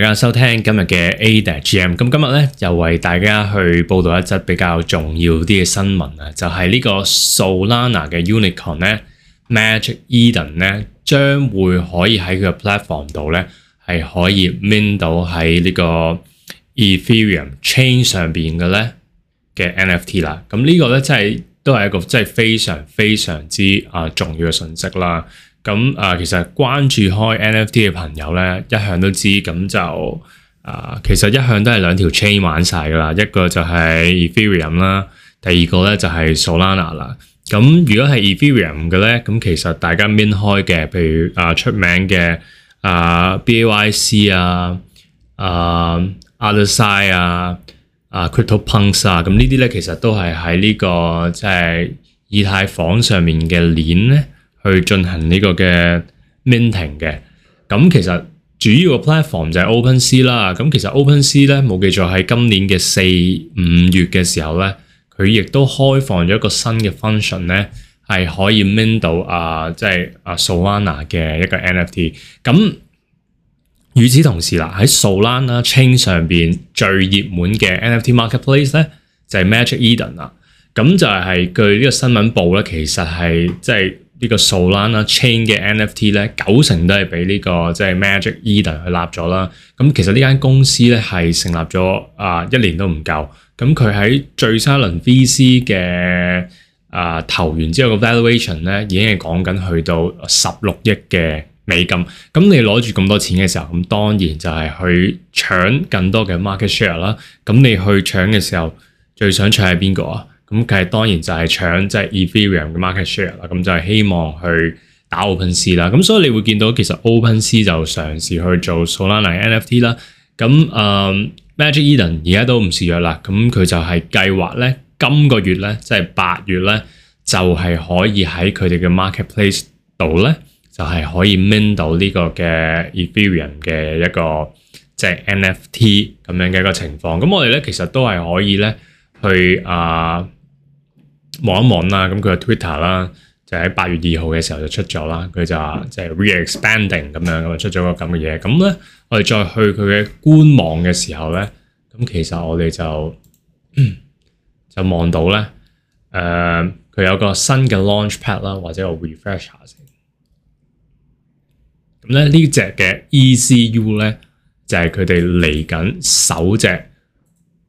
大家收聽今日嘅 ADAC GM，咁今日咧又為大家去報道一則比較重要啲嘅新聞啊，就係、是、呢個 Solana 嘅 Unicorn 咧，Magic Eden 咧，將會可以喺佢個 platform 度咧，係可以 mint 到喺呢個 Ethereum Chain 上邊嘅咧嘅 NFT 啦。咁呢個咧真係都係一個真係非常非常之啊重要嘅信息啦。咁啊，其實關注開 NFT 嘅朋友咧，一向都知，咁就啊，其實一向都係兩條 chain 玩晒噶啦，一個就係 Ethereum 啦，第二個咧就係 Solana 啦。咁如果係 Ethereum 嘅咧，咁其實大家 min 開嘅，譬如啊出名嘅啊 BAYC 啊啊 Other Side 啊啊 CryptoPunks 啊，咁、啊啊啊啊啊、呢啲咧其實都係喺呢個即係、就是、以太坊上面嘅鏈咧，去進行呢個嘅 minting 嘅，咁其實主要嘅 platform 就係 OpenSea 啦。咁其實 OpenSea 咧，冇記錯喺今年嘅四五月嘅時候咧，佢亦都開放咗一個新嘅 function 咧，係可以 mint 到啊，即係啊 Solana 嘅一個 NFT。咁與此同時啦，喺 Solana Chain 上面最熱門嘅 NFT marketplace 咧就係 Magic Eden 啦。咁就係據呢個新聞報咧，其實係即係。就是這個 Chain 的呢個 Solana Chain 嘅 NFT 咧九成都係俾呢個即係、就是、Magic Eden 去立咗啦。咁其實呢間公司咧係成立咗啊、呃、一年都唔夠。咁佢喺最新一輪 VC 嘅啊投完之後嘅 valuation 咧已經係講緊去到十六億嘅美金。咁你攞住咁多錢嘅時候，咁當然就係去搶更多嘅 market share 啦。咁你去搶嘅時候，最想搶係邊個啊？咁佢係當然就係搶即、e、係 Ethereum 嘅 market share 啦，咁就係希望去打 OpenSea 啦，咁所以你會見到其實 OpenSea 就嘗試去做 Solana NFT 啦，咁、嗯、Magic Eden 而家都唔示弱啦，咁佢就係計劃咧今個月咧即係八月咧就係、是、可以喺佢哋嘅 marketplace 度咧就係、是、可以 mint 到呢個嘅 Ethereum 嘅一個即係、就是、NFT 咁樣嘅一個情況，咁我哋咧其實都係可以咧去啊～、呃望一望啦，咁佢嘅 Twitter 啦，就喺、是、八月二號嘅時候就出咗啦。佢就話即係 re-expanding 咁樣咁啊，出咗個咁嘅嘢。咁咧，我哋再去佢嘅官網嘅時候咧，咁其實我哋就就望到咧，誒、呃，佢有個新嘅 launch pad 啦，或者我 refresh 下先。咁咧呢隻嘅 ECU 咧，就係佢哋嚟緊首隻。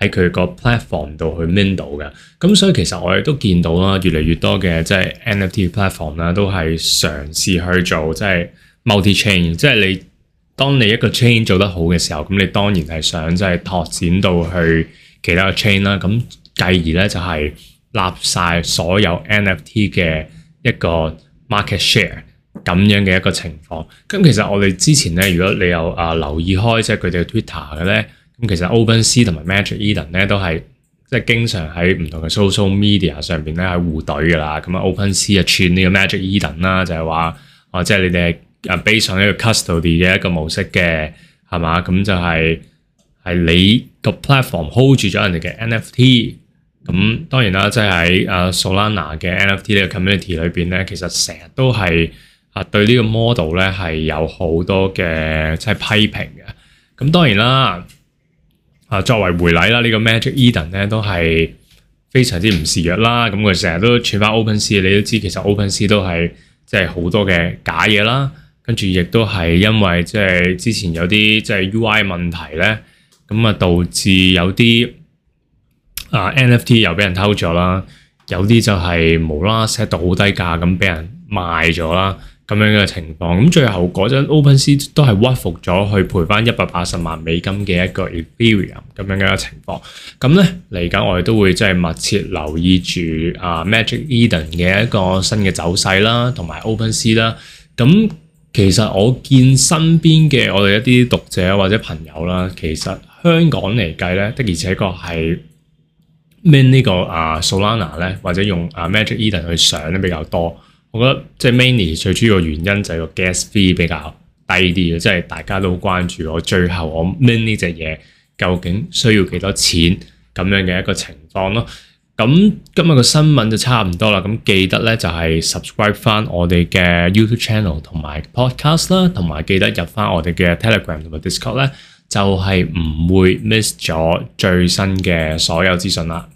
喺佢個 platform 度去 mint 到嘅，咁所以其實我哋都見到啦，越嚟越多嘅即係 NFT platform 啦，都係嘗試去做即係、就是、multi chain。即係你當你一個 chain 做得好嘅時候，咁你當然係想即係拓展到去其他個 chain 啦。咁繼而咧就係立晒所有 NFT 嘅一個 market share 咁樣嘅一個情況。咁其實我哋之前咧，如果你有啊留意開即係佢哋嘅 Twitter 嘅咧。咁其實 OpenSea 同埋 Magic Eden 咧都係即係經常喺唔同嘅 social media 上邊咧係互對噶啦。咁啊，OpenSea 啊串呢個 Magic Eden 啦，就係話啊，即、哦、係、就係、你哋係啊 based 上一個 custody 嘅一個模式嘅係嘛？咁就係、係、係你個 platform hold 住咗人哋嘅 NFT。咁當然啦，即、就、係、係、喺啊 Solana 嘅 NFT 呢個 community 裏邊咧，其實成日都係啊對呢個 model 咧係有好多嘅即係批評嘅。咁當然啦。啊，作為回禮啦，這個、呢個 Magic Eden 咧都係非常之唔示弱啦。咁佢成日都傳翻 OpenSea，你都知道其實 OpenSea 都係即係好多嘅假嘢啦。跟住亦都係因為即係之前有啲即係 UI 問題咧，咁啊導致有啲啊 NFT 又俾人偷咗啦，有啲就係無啦啦 set 到好低價咁俾人賣咗啦。咁樣嘅情況，咁最後嗰陣 OpenSea 都係屈服咗，去賠翻一百八十萬美金嘅一個 Ethereum 咁樣嘅情況。咁呢嚟緊，我哋都會即係密切留意住啊 Magic Eden 嘅一個新嘅走勢啦，同埋 OpenSea 啦。咁、啊、其實我見身邊嘅我哋一啲讀者或者朋友啦，其實香港嚟計呢的而且確係孭呢個啊 Solana 呢，或者用啊 Magic Eden 去上咧比較多。我覺得即係 mainly 最主要嘅原因就係個 gas fee 比較低啲嘅，即係大家都好關注，我最後我 mint 呢隻嘢究竟需要幾多錢咁樣嘅一個情況咯。咁今日個新聞就差唔多啦。咁記得咧就係 subscribe 返我哋嘅 YouTube channel 同埋 podcast 啦，同埋記得入返我哋嘅 Telegram 同埋 Discord 咧，就係、是、唔會 miss 咗最新嘅所有資訊啦。